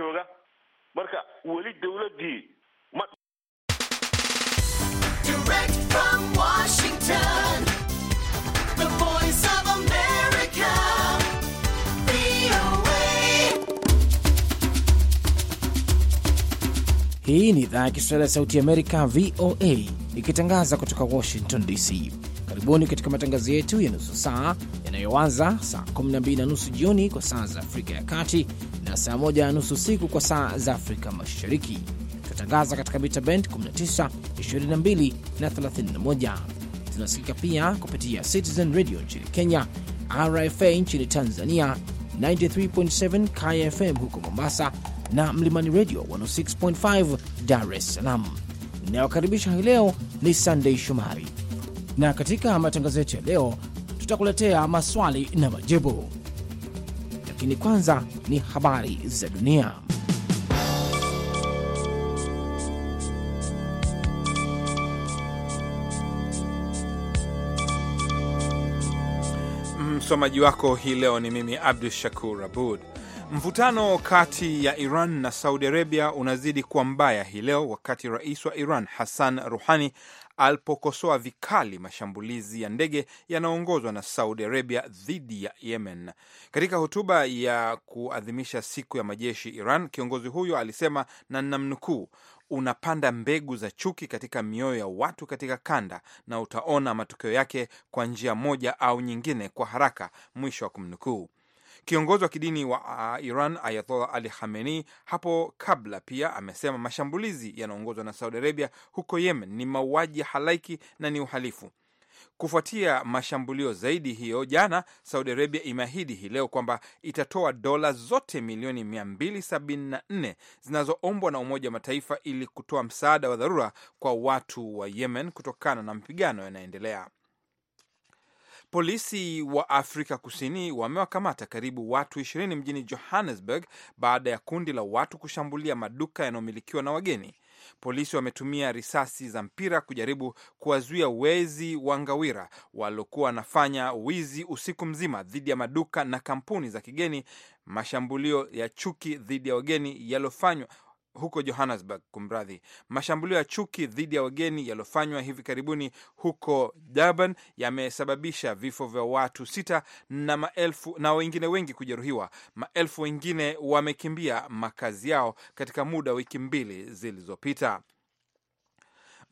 jooga marka weli dawladdii ma Hii ni idhaa ya Kiswahili ya Sauti ya Amerika, VOA, ikitangaza kutoka Washington DC. Karibuni katika matangazo yetu ya nusu saa yanayoanza saa 12 na nusu jioni kwa saa za Afrika ya Kati saa moja na nusu usiku kwa saa za Afrika Mashariki. Tunatangaza katika mita bend 19, 22 na 31. Tunasikika pia kupitia Citizen Radio nchini Kenya, RFA nchini Tanzania, 93.7 KFM huko Mombasa na Mlimani Radio 106.5 Dar es Salaam. Inayokaribisha hii leo ni sandei shomari na katika matangazo yetu ya leo tutakuletea maswali na majibu lakini kwanza ni habari za dunia. Msomaji wako hii leo ni mimi Abdu Shakur Abud. Mvutano kati ya Iran na Saudi Arabia unazidi kuwa mbaya hii leo wakati rais wa Iran Hassan Rouhani alipokosoa vikali mashambulizi ya ndege yanayoongozwa na Saudi Arabia dhidi ya Yemen. Katika hotuba ya kuadhimisha siku ya majeshi Iran, kiongozi huyo alisema, na namnukuu, unapanda mbegu za chuki katika mioyo ya watu katika kanda na utaona matokeo yake kwa njia moja au nyingine kwa haraka, mwisho wa kumnukuu. Kiongozi wa kidini wa Iran Ayatollah Ali Khamenei hapo kabla pia amesema mashambulizi yanaongozwa na Saudi Arabia huko Yemen ni mauaji halaiki na ni uhalifu. Kufuatia mashambulio zaidi hiyo jana, Saudi Arabia imeahidi hii leo kwamba itatoa dola zote milioni 274 zinazoombwa na Umoja wa Mataifa ili kutoa msaada wa dharura kwa watu wa Yemen kutokana na mapigano yanayoendelea. Polisi wa Afrika Kusini wamewakamata karibu watu ishirini mjini Johannesburg baada ya kundi la watu kushambulia maduka yanayomilikiwa na wageni. Polisi wametumia risasi za mpira kujaribu kuwazuia wezi wa ngawira waliokuwa wanafanya wizi usiku mzima dhidi ya maduka na kampuni za kigeni. Mashambulio ya chuki dhidi ya wageni yaliyofanywa huko Johannesburg, kumradhi, mashambulio ya chuki dhidi ya wageni yaliyofanywa hivi karibuni huko Durban yamesababisha vifo vya watu sita na maelfu na wengine wengi kujeruhiwa. Maelfu wengine wamekimbia makazi yao katika muda wa wiki mbili zilizopita.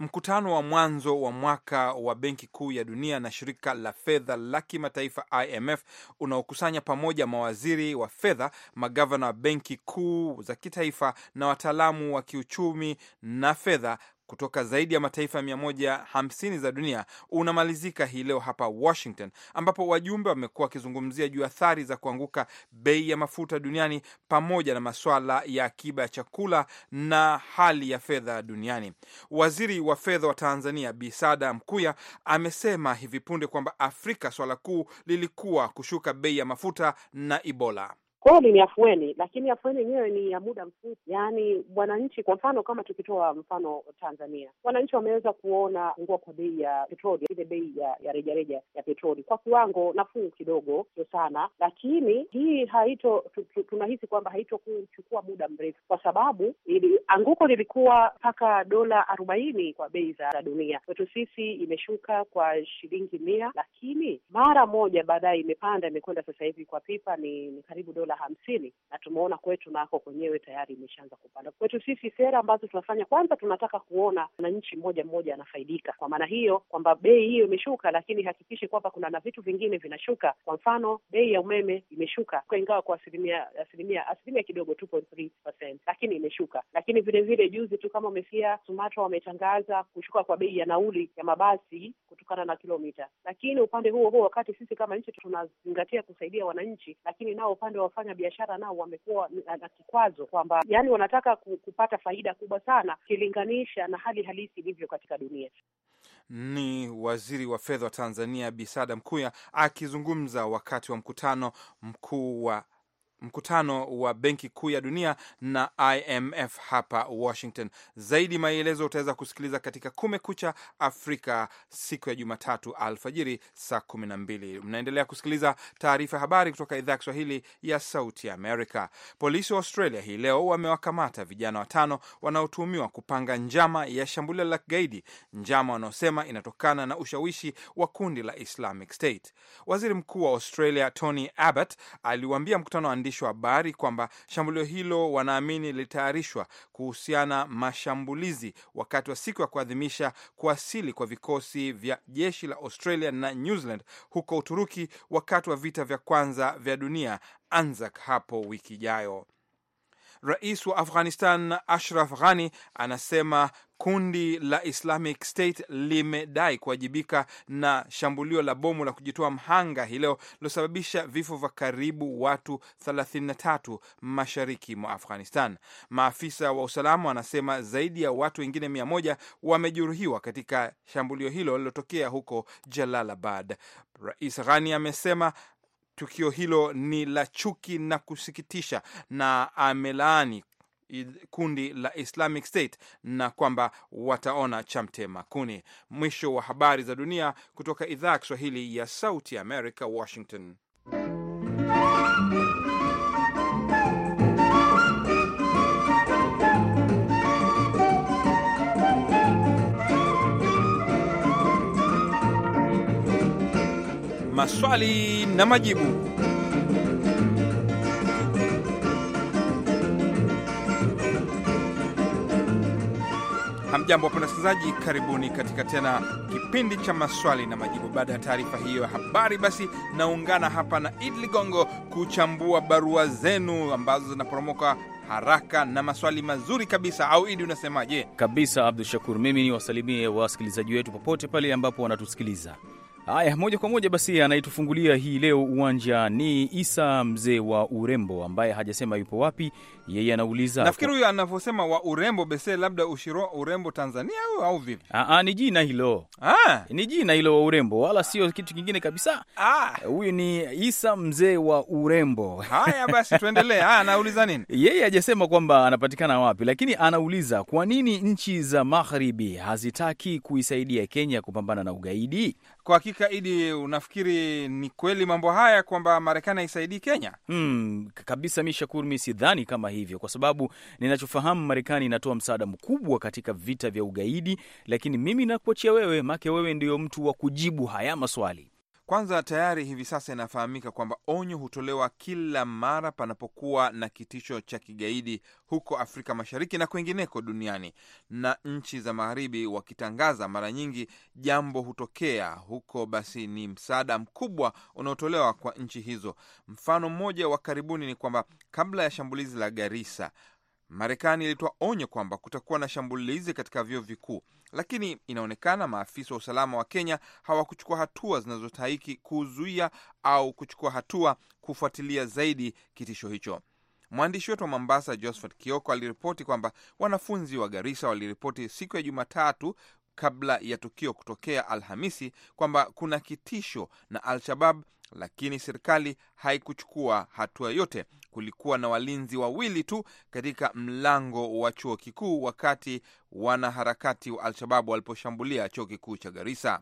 Mkutano wa mwanzo wa mwaka wa Benki Kuu ya Dunia na shirika la fedha la kimataifa IMF unaokusanya pamoja mawaziri wa fedha, magavana wa benki kuu za kitaifa na wataalamu wa kiuchumi na fedha kutoka zaidi ya mataifa 150 za dunia unamalizika hii leo hapa Washington, ambapo wajumbe wamekuwa wakizungumzia juu athari za kuanguka bei ya mafuta duniani pamoja na maswala ya akiba ya chakula na hali ya fedha duniani. Waziri wa fedha wa Tanzania Bisada Mkuya amesema hivi punde kwamba Afrika swala kuu lilikuwa kushuka bei ya mafuta na Ibola. Kweli ni afueni, lakini afueni yenyewe ni ya muda mfupi. Yaani wananchi, kwa mfano kama tukitoa mfano Tanzania, wananchi wameweza kuona pungua kwa bei ya petroli, ile bei ya rejareja ya, petroli kwa kiwango nafuu kidogo, sio sana, lakini hii haito tunahisi kwamba haitokuchukua muda mrefu, kwa sababu ili, anguko lilikuwa mpaka dola arobaini kwa bei za dunia. Kwetu sisi imeshuka kwa shilingi mia, lakini mara moja baadaye imepanda, imekwenda sasa hivi kwa pipa ni, ni karibu dola hamsini na tumeona kwetu nako kwenyewe tayari imeshaanza kupanda. Kwetu sisi sera ambazo tunafanya, kwanza tunataka kuona wananchi mmoja mmoja anafaidika. Kwa maana hiyo kwamba bei hiyo imeshuka, lakini hakikishi kwamba kuna na vitu vingine vinashuka. Kwa mfano bei ya umeme imeshuka ingawa kwa asilimia asilimia asilimia kidogo 2.3%, lakini imeshuka. Lakini vile vile juzi tu kama umesikia, SUMATRA wametangaza kushuka kwa bei ya nauli ya mabasi kutokana na kilomita. Lakini upande huo huo, wakati sisi kama nchi tunazingatia kusaidia wananchi, lakini nao upande wa wanaofanya biashara nao wamekuwa na kikwazo kwamba yani wanataka kupata faida kubwa sana ukilinganisha na hali halisi ilivyo katika dunia. Ni waziri wa fedha wa Tanzania bisada Mkuya akizungumza wakati wa mkutano mkuu wa mkutano wa Benki Kuu ya Dunia na IMF hapa Washington. Zaidi maelezo utaweza kusikiliza katika Kumekucha Afrika siku ya Jumatatu alfajiri saa kumi na mbili. Mnaendelea kusikiliza taarifa ya habari kutoka idhaa ya Kiswahili ya Sauti ya Amerika. Polisi wa Australia hii leo wamewakamata vijana watano wanaotuhumiwa kupanga njama ya shambulio la kigaidi, njama wanaosema inatokana na ushawishi wa kundi la Islamic State. Waziri Mkuu wa Australia Tony Abbott aliwaambia mkutano wa waandishi wa habari kwamba shambulio hilo wanaamini lilitayarishwa kuhusiana mashambulizi wakati wa siku ya kuadhimisha kuwasili kwa vikosi vya jeshi la Australia na New Zealand huko Uturuki wakati wa vita vya kwanza vya dunia ANZAC hapo wiki ijayo. Rais wa Afghanistan Ashraf Ghani anasema kundi la Islamic State limedai kuwajibika na shambulio la bomu la kujitoa mhanga hii leo lilosababisha vifo vya karibu watu 33 mashariki mwa Afghanistan. Maafisa wa usalama wanasema zaidi ya watu wengine mia moja wamejeruhiwa katika shambulio hilo lililotokea huko Jalalabad. Rais Ghani amesema tukio hilo ni la chuki na kusikitisha, na amelaani kundi la Islamic State na kwamba wataona chamte makuni kuni. Mwisho wa habari za dunia kutoka idhaa ya Kiswahili ya Sauti ya Amerika, Washington. maswali na majibu. Hamjambo wapenda wasikilizaji, karibuni katika tena kipindi cha maswali na majibu. Baada ya taarifa hiyo ya habari, basi naungana hapa na Idi Ligongo kuchambua barua zenu ambazo zinaporomoka haraka na maswali mazuri kabisa. Au Idi, unasemaje? Kabisa, Abdu Shakur. Mimi ni wasalimie wasikilizaji wetu popote pale ambapo wanatusikiliza. Haya, moja kwa moja basi, anayetufungulia hii leo uwanja ni Isa mzee wa urembo, ambaye hajasema yupo wapi. Yeye anauliza, nafikiri huyu anavyosema wa urembo bese, labda ushiro urembo Tanzania au, au vipi? Aa, ah, ah, ni jina hilo, ah. ni jina hilo wa urembo, wala sio kitu kingine kabisa. Huyu ni Isa mzee wa urembo. Haya basi, tuendelee. Anauliza nini? Yeye hajasema kwamba anapatikana wapi, lakini anauliza kwa nini nchi za magharibi hazitaki kuisaidia Kenya kupambana na ugaidi. Kwa hakika, Idi, unafikiri ni kweli mambo haya kwamba Marekani haisaidii Kenya? Hmm, kabisa. Mi Shakuru, mi sidhani kama hivyo, kwa sababu ninachofahamu Marekani inatoa msaada mkubwa katika vita vya ugaidi, lakini mimi nakuachia wewe, make wewe ndio mtu wa kujibu haya maswali. Kwanza, tayari hivi sasa inafahamika kwamba onyo hutolewa kila mara panapokuwa na kitisho cha kigaidi huko Afrika Mashariki na kwengineko duniani, na nchi za Magharibi wakitangaza, mara nyingi jambo hutokea huko, basi ni msaada mkubwa unaotolewa kwa nchi hizo. Mfano mmoja wa karibuni ni kwamba kabla ya shambulizi la Garissa Marekani ilitoa onyo kwamba kutakuwa na shambulizi katika vyuo vikuu, lakini inaonekana maafisa wa usalama wa Kenya hawakuchukua hatua zinazostahiki kuzuia au kuchukua hatua kufuatilia zaidi kitisho hicho. Mwandishi wetu wa Mombasa, Josephat Kioko, aliripoti kwamba wanafunzi wa garisa waliripoti siku ya Jumatatu kabla ya tukio kutokea Alhamisi kwamba kuna kitisho na Al-Shabab, lakini serikali haikuchukua hatua yote. Kulikuwa na walinzi wawili tu katika mlango wa chuo kikuu wakati wanaharakati wa Al-Shabab waliposhambulia chuo kikuu cha Garissa.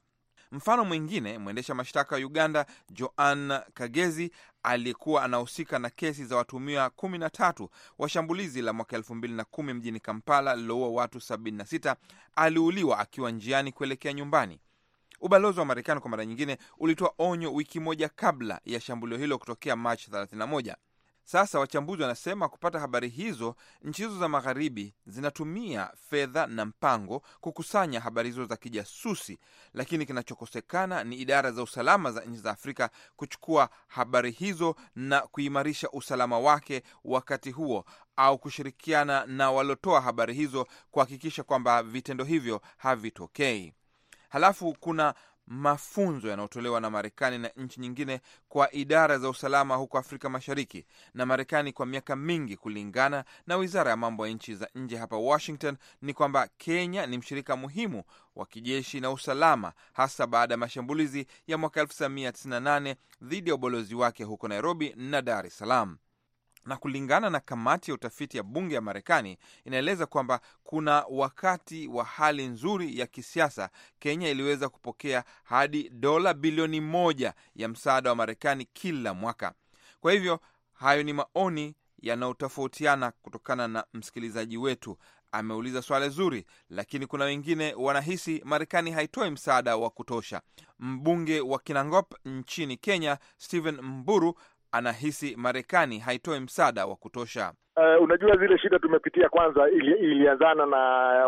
Mfano mwingine, mwendesha mashtaka wa Uganda Joan Kagezi aliyekuwa anahusika na kesi za watumiwa kumi na tatu wa shambulizi la mwaka elfu mbili na kumi mjini Kampala lililoua watu 76 aliuliwa akiwa njiani kuelekea nyumbani. Ubalozi wa Marekani kwa mara nyingine ulitoa onyo wiki moja kabla ya shambulio hilo kutokea Machi 31. Sasa wachambuzi wanasema kupata habari hizo, nchi hizo za magharibi zinatumia fedha na mpango kukusanya habari hizo za kijasusi, lakini kinachokosekana ni idara za usalama za nchi za Afrika kuchukua habari hizo na kuimarisha usalama wake wakati huo, au kushirikiana na waliotoa habari hizo kuhakikisha kwamba vitendo hivyo havitokei. Halafu kuna mafunzo yanayotolewa na Marekani na nchi nyingine kwa idara za usalama huko Afrika Mashariki na Marekani kwa miaka mingi. Kulingana na wizara ya mambo ya nchi za nje hapa Washington, ni kwamba Kenya ni mshirika muhimu wa kijeshi na usalama, hasa baada ya mashambulizi ya mwaka 1998 dhidi ya ubalozi wake huko Nairobi na Dar es Salaam na kulingana na kamati ya utafiti ya bunge ya Marekani inaeleza kwamba kuna wakati wa hali nzuri ya kisiasa, Kenya iliweza kupokea hadi dola bilioni moja ya msaada wa Marekani kila mwaka. Kwa hivyo hayo ni maoni yanayotofautiana kutokana na msikilizaji wetu ameuliza swala zuri, lakini kuna wengine wanahisi Marekani haitoi msaada wa kutosha. Mbunge wa Kinangop nchini Kenya, Stephen Mburu anahisi Marekani haitoi msaada wa kutosha. Uh, unajua zile shida tumepitia kwanza ili, ilianzana na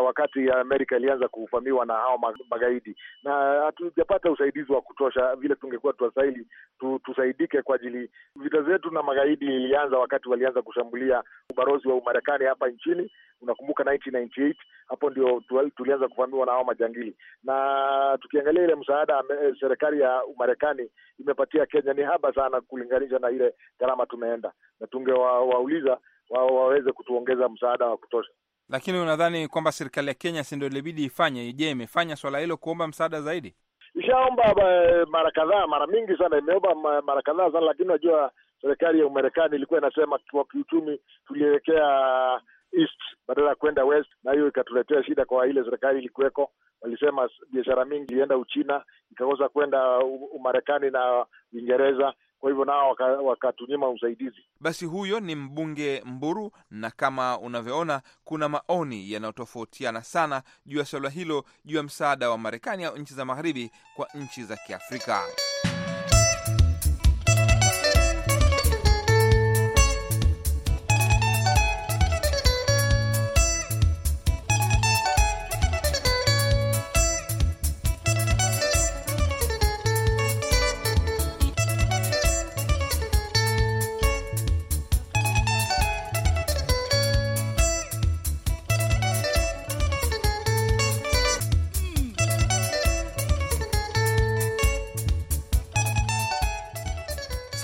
wakati Amerika ilianza kuvamiwa na hao magaidi, na hatujapata usaidizi wa kutosha vile tungekuwa tuwastahili tu, tusaidike kwa ajili. Vita zetu na magaidi ilianza wakati walianza kushambulia ubalozi wa Umarekani hapa nchini, unakumbuka 1998 hapo ndio tulianza kuvamiwa na hao majangili. Na tukiangalia ile msaada serikali ya Umarekani imepatia Kenya ni haba sana kulinganisha na ile gharama tumeenda, na tungewauliza wa, wao waweze kutuongeza msaada wa kutosha. Lakini unadhani kwamba serikali ya Kenya si ndio ilibidi ifanye? Je, imefanya swala hilo, kuomba msaada zaidi? Ishaomba eh, mara kadhaa, mara mingi sana, imeomba mara kadhaa sana, lakini unajua serikali ya Umarekani ilikuwa inasema kwa kiuchumi tulielekea east badala ya kwenda west, na hiyo ikatuletea shida kwa ile serikali ilikuweko. Walisema biashara mingi ilienda Uchina, ikakosa kwenda Umarekani na Uingereza kwa hivyo nao wakatunyima waka usaidizi. Basi huyo ni mbunge Mburu, na kama unavyoona kuna maoni yanayotofautiana sana juu ya suala hilo, juu ya msaada wa Marekani au nchi za magharibi kwa nchi za Kiafrika.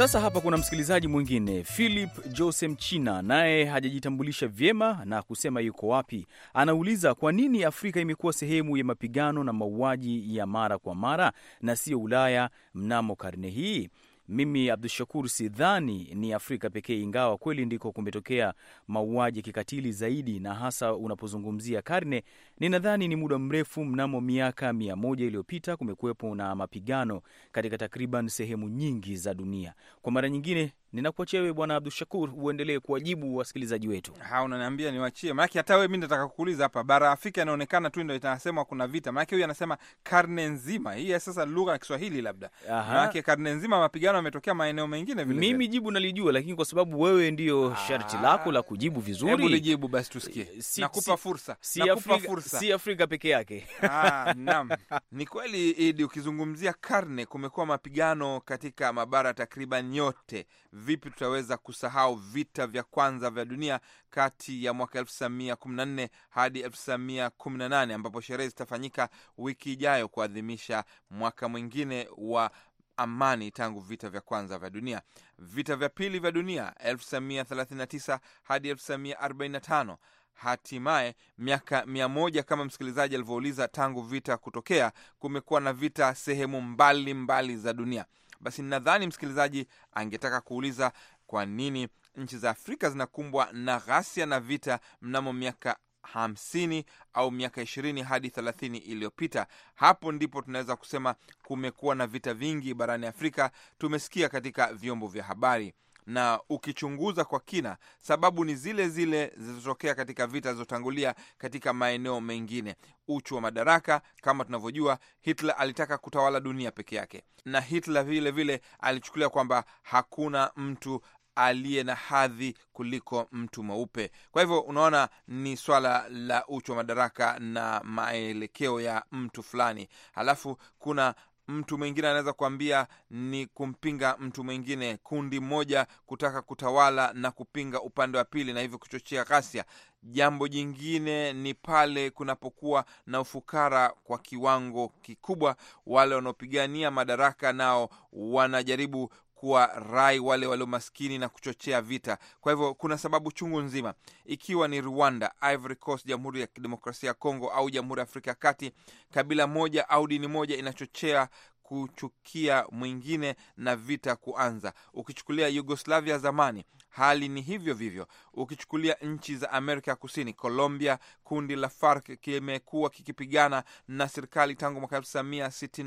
Sasa hapa kuna msikilizaji mwingine Philip Jose Mchina, naye hajajitambulisha vyema na kusema yuko wapi. Anauliza kwa nini Afrika imekuwa sehemu ya mapigano na mauaji ya mara kwa mara na siyo Ulaya mnamo karne hii. Mimi Abdu Shakur, sidhani ni Afrika pekee, ingawa kweli ndiko kumetokea mauaji kikatili zaidi, na hasa unapozungumzia karne. Ninadhani ni muda mrefu, mnamo miaka mia moja iliyopita kumekuwepo na mapigano katika takriban sehemu nyingi za dunia. Kwa mara nyingine Ninakuachia wewe Bwana Abdu Shakur uendelee kuwajibu wasikilizaji wetu. Ha, unaniambia niwachie? Maanake hata wewe mi nataka kukuuliza hapa, bara Afrika inaonekana tu ndo itasemwa kuna vita, maanake huyu anasema karne nzima hii. ya Sasa lugha ya Kiswahili labda, maanake karne nzima mapigano yametokea maeneo mengine vile. Mimi jibu nalijua, lakini kwa sababu wewe ndio ah. sharti lako la kujibu vizuri, hebu lijibu basi tusikie. Si, nakupa fursa, si nakupa Afrika, fursa. Si Afrika peke yake. Ah, naam, ni kweli Idi, ukizungumzia karne kumekuwa mapigano katika mabara takriban yote vipi tutaweza kusahau vita vya kwanza vya dunia kati ya mwaka 1914 hadi 1918 ambapo sherehe zitafanyika wiki ijayo kuadhimisha mwaka mwingine wa amani tangu vita vya kwanza vya dunia. Vita vya pili vya dunia 1939 hadi 1945 Hatimaye miaka mia moja kama msikilizaji alivyouliza, tangu vita kutokea kumekuwa na vita sehemu mbalimbali mbali za dunia basi nadhani msikilizaji angetaka kuuliza kwa nini nchi za Afrika zinakumbwa na ghasia na vita mnamo miaka hamsini au miaka ishirini hadi thelathini iliyopita. Hapo ndipo tunaweza kusema kumekuwa na vita vingi barani Afrika, tumesikia katika vyombo vya habari na ukichunguza kwa kina, sababu ni zile zile zilizotokea katika vita zilizotangulia katika maeneo mengine. Uchu wa madaraka, kama tunavyojua, Hitler alitaka kutawala dunia peke yake, na Hitler vile vile alichukulia kwamba hakuna mtu aliye na hadhi kuliko mtu mweupe. Kwa hivyo unaona, ni swala la uchu wa madaraka na maelekeo ya mtu fulani. Halafu kuna mtu mwingine anaweza kuambia ni kumpinga mtu mwingine, kundi moja kutaka kutawala na kupinga upande wa pili, na hivyo kuchochea ghasia. Jambo jingine ni pale kunapokuwa na ufukara kwa kiwango kikubwa, wale wanaopigania madaraka nao wanajaribu kuwarai wale walio maskini na kuchochea vita. Kwa hivyo kuna sababu chungu nzima, ikiwa ni Rwanda, Ivory Coast, Jamhuri ya Kidemokrasia ya Kongo au Jamhuri ya Afrika ya Kati, kabila moja au dini moja inachochea kuchukia mwingine na vita kuanza. Ukichukulia Yugoslavia zamani, hali ni hivyo vivyo. Ukichukulia nchi za Amerika ya Kusini, Colombia, kundi la FARC kimekuwa kikipigana na serikali tangu mwaka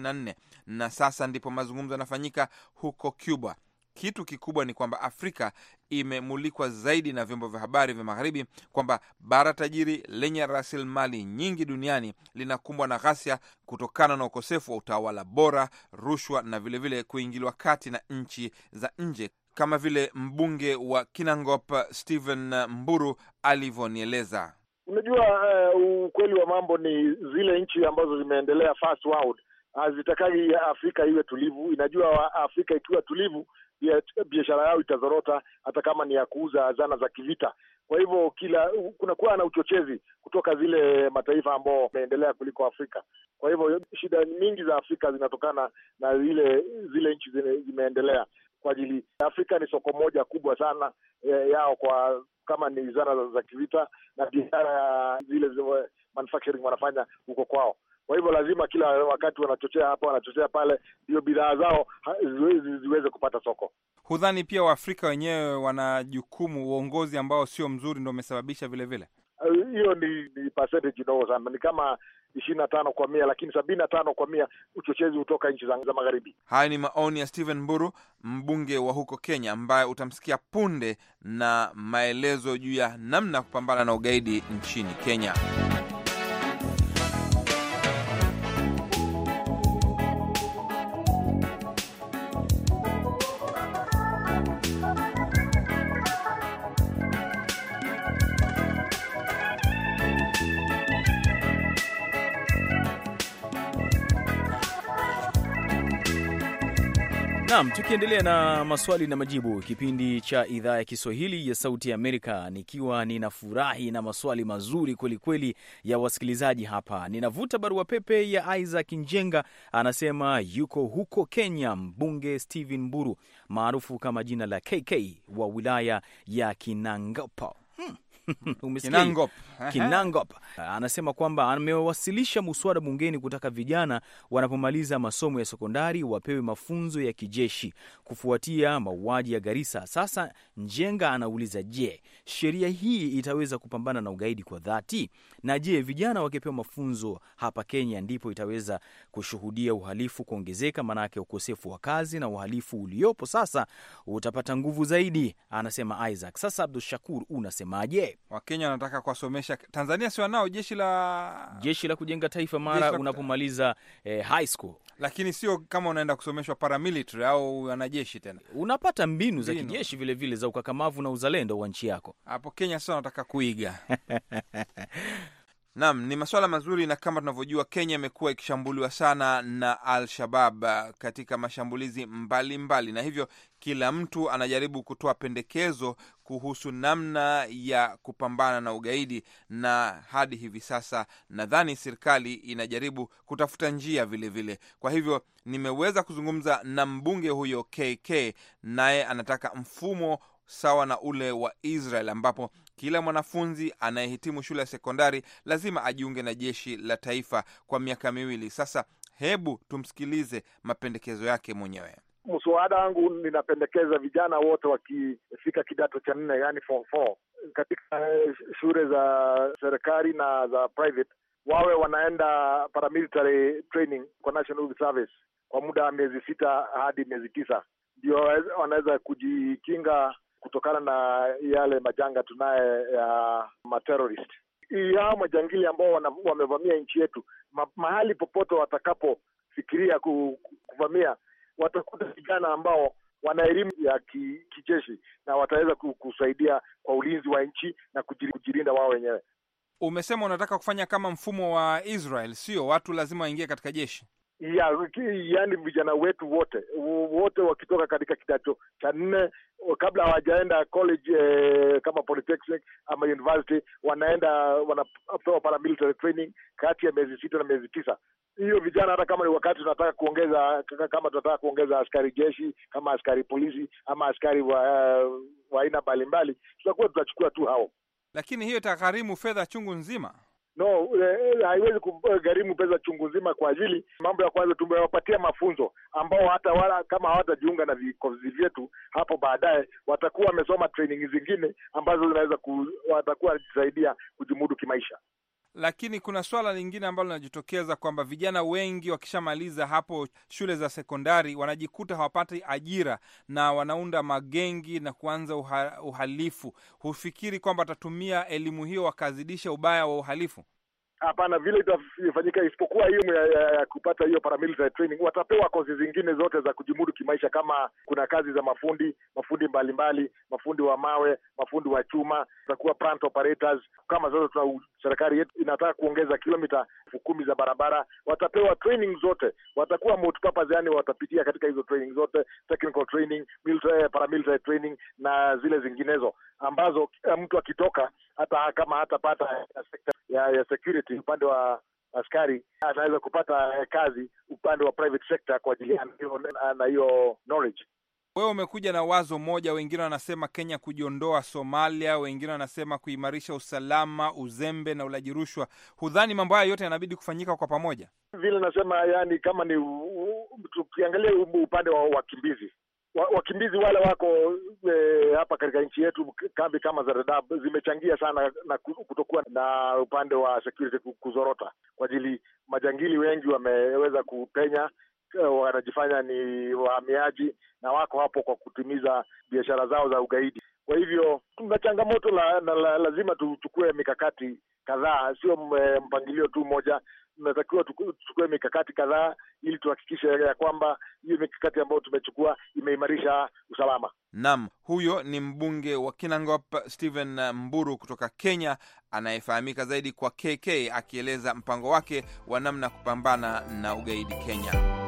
nne na sasa ndipo mazungumzo yanafanyika huko Cuba. Kitu kikubwa ni kwamba Afrika imemulikwa zaidi na vyombo vya habari vya Magharibi kwamba bara tajiri lenye rasilimali nyingi duniani linakumbwa na ghasia kutokana na ukosefu wa utawala bora, rushwa na vilevile kuingiliwa kati na nchi za nje kama vile mbunge wa Kinangop Stephen Mburu alivyonieleza. Unajua, uh, ukweli wa mambo ni zile nchi ambazo zimeendelea first world Afrika iwe tulivu. Inajua Afrika ikiwa tulivu, biashara yao itazorota, hata kama ni ya kuuza zana za kivita. Kwa hivyo kila kunakuwa na uchochezi kutoka zile mataifa ambao wameendelea kuliko Afrika. Kwa hivyo shida nyingi za Afrika zinatokana na zile zile nchi zimeendelea kwa ajili Afrika ni soko moja kubwa sana e, yao kwa kama ni wizara za, za kivita na biashara ya zile manufacturing wanafanya huko kwao. Kwa hivyo lazima kila wakati wanachochea hapa, wanachochea pale, ndio bidhaa zao ziweze kupata soko. Hudhani pia Waafrika wenyewe wana jukumu, uongozi ambao sio mzuri ndo umesababisha vilevile eh, hiyo ni, ni percentage ndogo sana, ni kama ishirini na tano kwa mia lakini sabini na tano kwa mia uchochezi hutoka nchi za magharibi. Haya ni maoni ya Stephen Mburu, mbunge wa huko Kenya, ambaye utamsikia punde na maelezo juu ya namna ya kupambana na ugaidi nchini Kenya. Naam, tukiendelea na maswali na majibu, kipindi cha idhaa ya Kiswahili ya Sauti ya Amerika, nikiwa ninafurahi na maswali mazuri kwelikweli ya wasikilizaji hapa. Ninavuta barua pepe ya Isaac Njenga, anasema yuko huko Kenya. Mbunge Stephen Mburu maarufu kama jina la KK wa wilaya ya kinangopo hmm. Kinangop. Kinangop anasema kwamba amewasilisha muswada bungeni kutaka vijana wanapomaliza masomo ya sekondari wapewe mafunzo ya kijeshi kufuatia mauaji ya Garissa. Sasa Njenga anauliza, je, sheria hii itaweza kupambana na ugaidi kwa dhati? Na je, vijana wakipewa mafunzo hapa Kenya ndipo itaweza kushuhudia uhalifu kuongezeka? Maanake ukosefu wa kazi na uhalifu uliopo sasa utapata nguvu zaidi, anasema Isaac. Sasa Abdul Shakur, unasemaje? Wakenya wanataka kuwasomesha Tanzania, si wanao jeshi la jeshi la kujenga taifa mara la... unapomaliza eh, high school, lakini sio kama unaenda kusomeshwa paramilitary au wanajeshi tena, unapata mbinu, mbinu za kijeshi vilevile za ukakamavu na uzalendo wa nchi yako. Hapo Kenya sasa wanataka kuiga Naam, ni masuala mazuri, na kama tunavyojua Kenya imekuwa ikishambuliwa sana na Al-Shabab katika mashambulizi mbalimbali mbali. Na hivyo kila mtu anajaribu kutoa pendekezo kuhusu namna ya kupambana na ugaidi, na hadi hivi sasa nadhani serikali inajaribu kutafuta njia vilevile vile. Kwa hivyo nimeweza kuzungumza na mbunge huyo KK, naye anataka mfumo sawa na ule wa Israel ambapo kila mwanafunzi anayehitimu shule ya sekondari lazima ajiunge na jeshi la taifa kwa miaka miwili. Sasa hebu tumsikilize mapendekezo yake mwenyewe. Mswada wangu ninapendekeza vijana wote wakifika kidato cha nne, yani form four, katika eh, shule za serikali na za private wawe wanaenda paramilitary training kwa national service kwa muda wa miezi sita hadi miezi tisa, ndio eh, wanaweza kujikinga kutokana na yale majanga tunaye ya materorist hao majangili ambao wamevamia nchi yetu ma, mahali popote watakapofikiria kuvamia watakuta vijana ambao wana elimu ya ki, kijeshi na wataweza kusaidia kwa ulinzi wa nchi na kujilinda wao wenyewe. Umesema unataka kufanya kama mfumo wa Israel, sio? Watu lazima waingie katika jeshi ya, yaani vijana wetu wote wote wakitoka katika kidato cha nne kabla hawajaenda college eh, kama polytechnic ama university, wanaenda wanapewa paramilitary training kati ya miezi sita na miezi tisa. Hiyo vijana, hata kama ni wakati tunataka kuongeza, kama tunataka kuongeza askari jeshi, kama askari polisi ama askari wa eh, aina mbalimbali, tutakuwa tutachukua tu hao, lakini hiyo itagharimu fedha chungu nzima no eh, haiwezi kugharimu eh, pesa chungu nzima kwa ajili mambo ya kwanza, tumewapatia mafunzo ambao hata wala kama hawatajiunga na vikosi vyetu hapo baadaye watakuwa wamesoma training zingine ambazo zinaweza ku, watakuwa wakisaidia kujimudu kimaisha. Lakini kuna swala lingine ambalo linajitokeza kwamba vijana wengi wakishamaliza hapo shule za sekondari wanajikuta hawapati ajira na wanaunda magengi na kuanza uhalifu. Hufikiri kwamba watatumia elimu hiyo wakazidisha ubaya wa uhalifu? Hapana, vile itafanyika isipokuwa hiyo ya, ya, ya kupata hiyo paramilitary training, watapewa kozi zingine zote za kujimudu kimaisha, kama kuna kazi za mafundi, mafundi mbalimbali mbali, mafundi wa mawe, mafundi wa chuma, tutakuwa plant operators. Kama sasa tuna serikali yetu inataka kuongeza kilomita elfu kumi za barabara, watapewa training zote, watakuwa multipurpose, yani watapitia katika hizo training zote, technical training, military, paramilitary training na zile zinginezo ambazo eh, mtu akitoka hata kama hatapata ya, ya security private, upande wa askari anaweza kupata eh, kazi upande wa private sector kwa ajili na hiyo knowledge. Wewe umekuja na wazo moja, wengine wanasema Kenya kujiondoa Somalia, wengine wanasema kuimarisha usalama, uzembe na ulaji rushwa. Hudhani mambo haya yote yanabidi kufanyika kwa pamoja? Vile nasema, yani kama ni tukiangalia upande wa wakimbizi, wakimbizi wale wako e, hapa katika nchi yetu, kambi kama za Dadaab zimechangia sana na kutokuwa na upande wa security kuzorota, kwa ajili majangili wengi wameweza kupenya, e, wanajifanya ni wahamiaji na wako hapo kwa kutimiza biashara zao za ugaidi. Kwa hivyo tuna changamoto la, la, la, lazima tuchukue mikakati kadhaa, sio e, mpangilio tu moja tunatakiwa tuchukue mikakati kadhaa ili tuhakikishe ya kwamba hiyo mikakati ambayo tumechukua imeimarisha usalama. Naam, huyo ni mbunge wa Kinangop Stephen Mburu kutoka Kenya anayefahamika zaidi kwa KK akieleza mpango wake wa namna kupambana na ugaidi Kenya.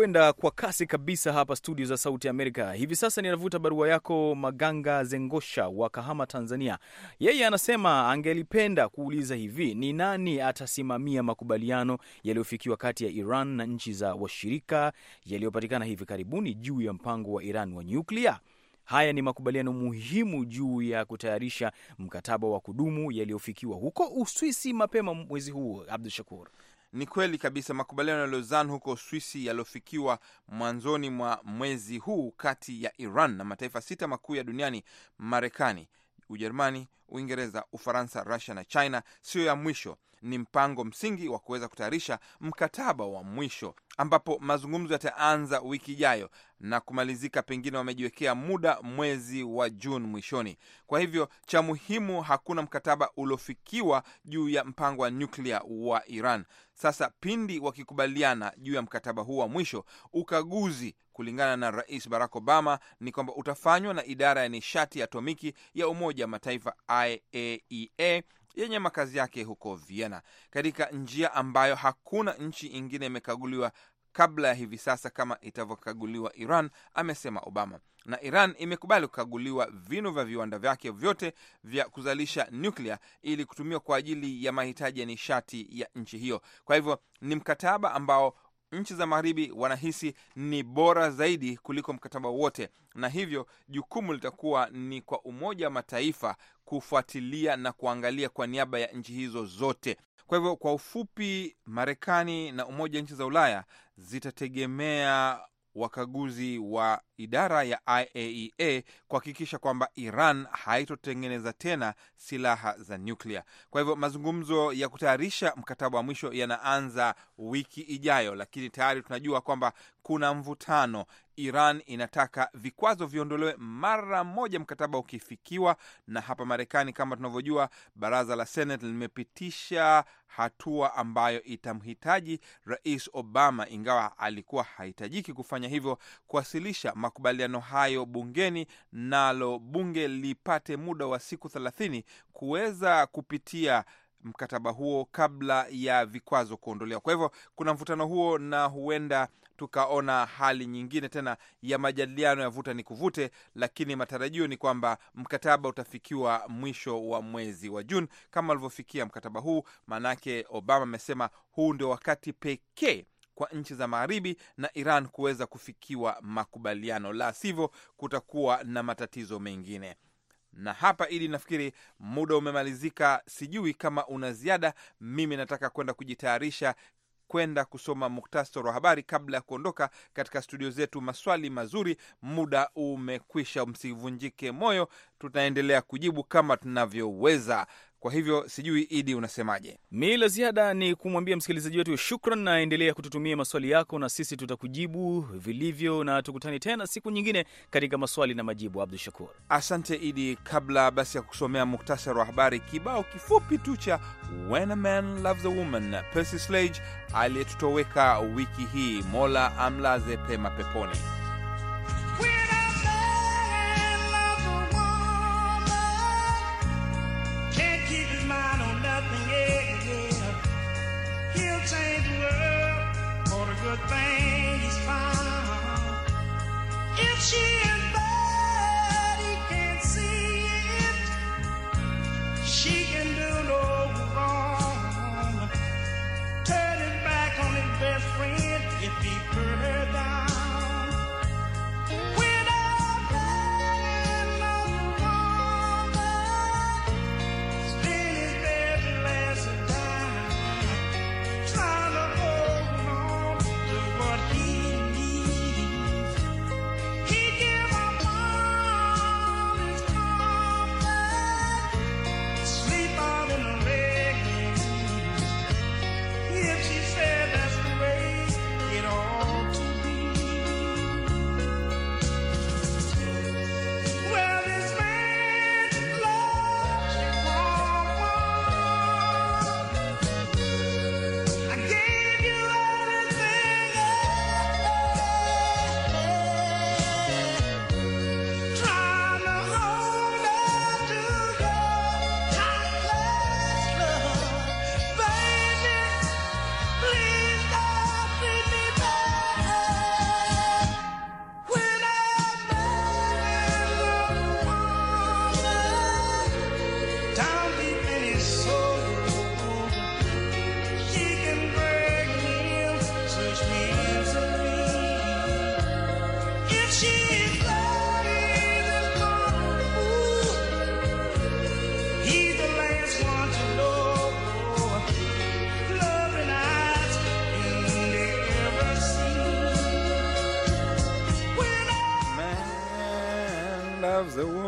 tunakwenda kwa kasi kabisa hapa studio za Sauti ya Amerika hivi sasa. Ninavuta barua yako Maganga Zengosha wa Kahama, Tanzania. Yeye anasema angelipenda kuuliza hivi, ni nani atasimamia makubaliano yaliyofikiwa kati ya Iran na nchi za washirika yaliyopatikana hivi karibuni juu ya mpango wa Iran wa nyuklia? Haya ni makubaliano muhimu juu ya kutayarisha mkataba wa kudumu yaliyofikiwa huko Uswisi mapema mwezi huu. Abdu Shakur. Ni kweli kabisa, makubaliano ya Lausanne huko Swisi yaliyofikiwa mwanzoni mwa mwezi huu kati ya Iran na mataifa sita makuu ya duniani, Marekani, Ujerumani, Uingereza, Ufaransa, Rusia na China siyo ya mwisho, ni mpango msingi wa kuweza kutayarisha mkataba wa mwisho ambapo mazungumzo yataanza wiki ijayo na kumalizika, pengine wamejiwekea muda mwezi wa Juni mwishoni. Kwa hivyo cha muhimu, hakuna mkataba uliofikiwa juu ya mpango wa nyuklia wa Iran. Sasa pindi wakikubaliana juu ya mkataba huu wa mwisho, ukaguzi kulingana na Rais Barack Obama ni kwamba utafanywa na idara ya nishati ya atomiki ya Umoja wa Mataifa, IAEA e, yenye makazi yake huko Vienna, katika njia ambayo hakuna nchi ingine imekaguliwa kabla ya hivi sasa kama itavyokaguliwa Iran, amesema Obama. Na Iran imekubali kukaguliwa vinu vya viwanda vyake vyote vya kuzalisha nyuklia ili kutumiwa kwa ajili ya mahitaji ya nishati ya nchi hiyo. Kwa hivyo ni mkataba ambao nchi za magharibi wanahisi ni bora zaidi kuliko mkataba wote, na hivyo jukumu litakuwa ni kwa Umoja wa Mataifa kufuatilia na kuangalia kwa niaba ya nchi hizo zote. Kwa hivyo, kwa ufupi, Marekani na Umoja wa Nchi za Ulaya zitategemea wakaguzi wa idara ya IAEA e kuhakikisha kwamba Iran haitotengeneza tena silaha za nyuklia. Kwa hivyo mazungumzo ya kutayarisha mkataba wa mwisho yanaanza wiki ijayo, lakini tayari tunajua kwamba kuna mvutano. Iran inataka vikwazo viondolewe mara moja mkataba ukifikiwa, na hapa Marekani kama tunavyojua, baraza la Senate limepitisha hatua ambayo itamhitaji Rais Obama, ingawa alikuwa hahitajiki kufanya hivyo, kuwasilisha makubaliano hayo bungeni, nalo bunge lipate muda wa siku thelathini kuweza kupitia mkataba huo kabla ya vikwazo kuondolewa. Kwa hivyo kuna mvutano huo, na huenda tukaona hali nyingine tena ya majadiliano ya vuta ni kuvute, lakini matarajio ni kwamba mkataba utafikiwa mwisho wa mwezi wa Juni kama alivyofikia mkataba huu. Maanake Obama amesema huu ndio wakati pekee kwa nchi za magharibi na Iran kuweza kufikiwa makubaliano, la sivyo kutakuwa na matatizo mengine. Na hapa ili nafikiri muda umemalizika, sijui kama una ziada. Mimi nataka kwenda kujitayarisha kwenda kusoma muktasari wa habari kabla ya kuondoka katika studio zetu. Maswali mazuri, muda umekwisha, msivunjike moyo, tutaendelea kujibu kama tunavyoweza. Kwa hivyo sijui Idi unasemaje? Mi la ziada ni kumwambia msikilizaji wetu shukran, na endelea kututumia maswali yako na sisi tutakujibu vilivyo, na tukutane tena siku nyingine katika maswali na majibu. Abdu Shakur, asante Idi. Kabla basi ya kusomea muktasari wa habari, kibao kifupi tu cha When a Man Loves a Woman, Percy Sledge aliyetutoweka wiki hii, Mola amlaze pema peponi.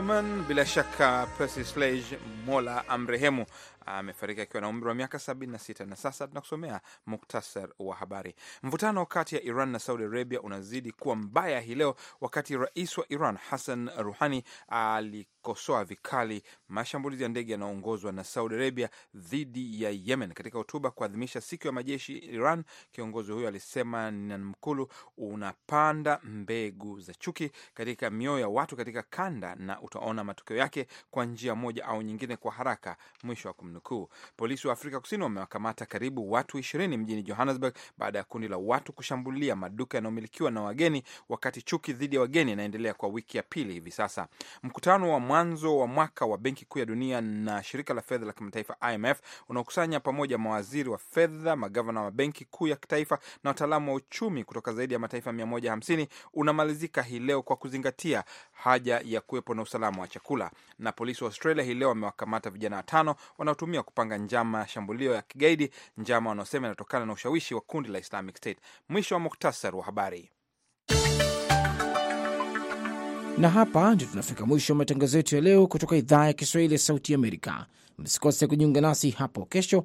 Woman, bila shaka Percy Sledge, Mola amrehemu, amefariki akiwa na umri wa miaka 76. Na sasa tunakusomea muktasar wa habari. Mvutano kati ya Iran na Saudi Arabia unazidi kuwa mbaya hii leo, wakati rais wa Iran Hassan Ruhani alikosoa vikali mashambulizi ya ndege yanayoongozwa na Saudi Arabia dhidi ya Yemen. Katika hotuba kuadhimisha siku ya majeshi Iran, kiongozi huyo alisema na mkulu unapanda mbegu za chuki katika mioyo ya watu katika kanda na utaona matokeo yake kwa njia moja au nyingine kwa haraka. Mwisho wa kumnu mkuu. Polisi wa Afrika Kusini wamewakamata karibu watu ishirini mjini Johannesburg baada ya kundi la watu kushambulia maduka yanayomilikiwa na wageni, wakati chuki dhidi ya wageni inaendelea kwa wiki ya pili hivi sasa. Mkutano wa mwanzo wa mwaka wa Benki Kuu ya Dunia na Shirika la Fedha la Kimataifa IMF unaokusanya pamoja mawaziri wa fedha, magavana wa Benki Kuu ya Kitaifa na wataalamu wa uchumi kutoka zaidi ya mataifa 150 unamalizika hii leo kwa kuzingatia haja ya kuwepo na usalama wa chakula. Na polisi wa Australia hii leo wamewakamata vijana watano wanaotumia kupanga njama ya shambulio ya kigaidi, njama wanaosema inatokana na ushawishi wa kundi la Islamic State. Mwisho wa muktasar wa habari. Na hapa ndio tunafika mwisho wa matangazo yetu ya leo kutoka idhaa ya Kiswahili ya Sauti Amerika. Msikose kujiunga nasi hapo kesho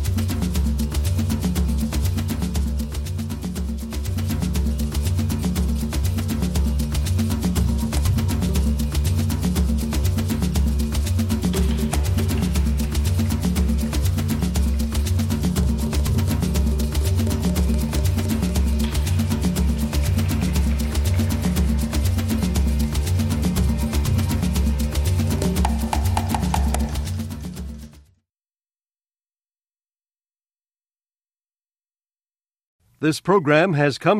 This program has come to